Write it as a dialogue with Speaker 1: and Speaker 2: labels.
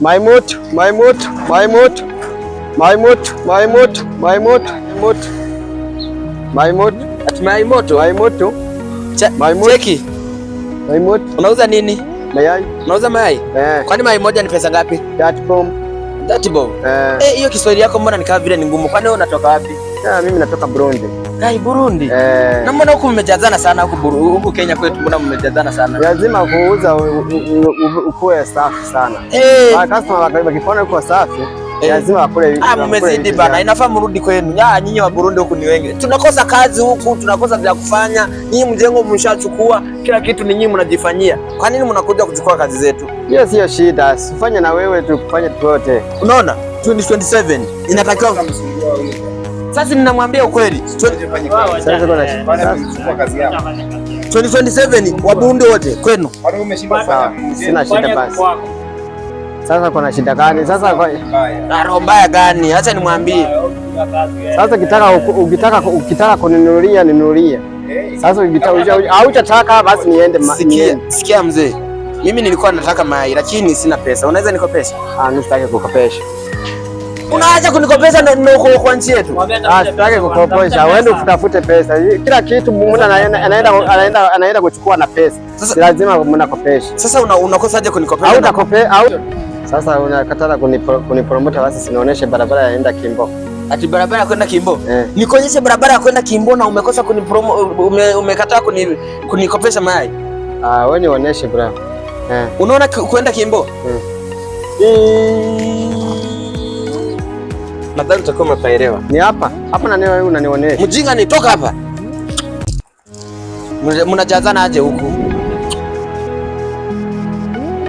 Speaker 1: Maimoto, maimoto, maimoto, maimoto, maimoto, maimoto,
Speaker 2: maimoto, maimoto,
Speaker 1: maimoto, maimoto, maimoto.
Speaker 2: Cheki maimoto, unauza nini? Mayai. Unauza mayai? Eh. Kwani mayai moja ni pesa ngapi? That bomb. That bomb. Eh, eh hiyo Kiswahili yako mbona nikaa vile ni ngumu? Kwani wewe unatoka wapi?
Speaker 1: Ah, mimi natoka Burundi.
Speaker 2: Kai Burundi. Eh. Na mbona huku mmejazana sana huku huku Kenya kwetu mbona mmejazana sana?
Speaker 1: Lazima kuuza ukuwe safi sana. Eh. Hey. Ah, customer wakariba kifona uko safi. Hey. Eh. Lazima wakule.
Speaker 2: Ah, mmezidi bana. Inafaa mrudi kwenu. Ya nyinyi wa Burundi huku ni wengi. Tunakosa kazi huku, tunakosa vya kufanya. Nyinyi mjengo mshachukua, kila kitu ni nyinyi mnajifanyia. Kwa nini mnakuja kuchukua kazi zetu?
Speaker 1: Hiyo yes, sio shida. Sifanye na wewe tukufanye tuote.
Speaker 2: Unaona? 2027 inatakiwa sasa ninamwambia ukweli,
Speaker 1: 2027
Speaker 2: wabunde wote kwenu.
Speaker 1: Sina shida basi. Sasa kuna shida gani? Sasa
Speaker 2: roho mbaya gani? Acha nimwambie.
Speaker 1: Sasa ukitaka ukitaka ukitaka kuninunulia ninunulia. Sasa hautataka basi niende.
Speaker 2: Sikia, sikia mzee, mimi nilikuwa nataka mayai lakini sina pesa. Unaweza nikopesha?
Speaker 1: Ah, nisitaki kukopesha.
Speaker 2: Unaacha kunikopesha kwa nchi yetu.
Speaker 1: Ah, sitaki kukopesha, wewe utafute pesa. Kila kitu mtu anaenda anaenda kuchukua na pesa. Lazima mnakopesha.
Speaker 2: Sasa unakosaje kunikopesha?
Speaker 1: Au utakopea au sasa unakatala kunipromota basi sinaoneshe barabara yaenda Kimbo.
Speaker 2: Ati barabara kwenda Kimbo? Eh. Nikonyeshe barabara ya kwenda Kimbo na umekosa kunipromo umekataa kunikopesha mayai.
Speaker 1: Ah, wewe nioneshe bro.
Speaker 2: Eh. Unaona kwenda Kimbo? Eh. Nadhani utakuwa umepaelewa.
Speaker 1: Ni hapa hapa, na wewe unanionea
Speaker 2: mjinga, nitoka hapa. Mnajazana aje huku?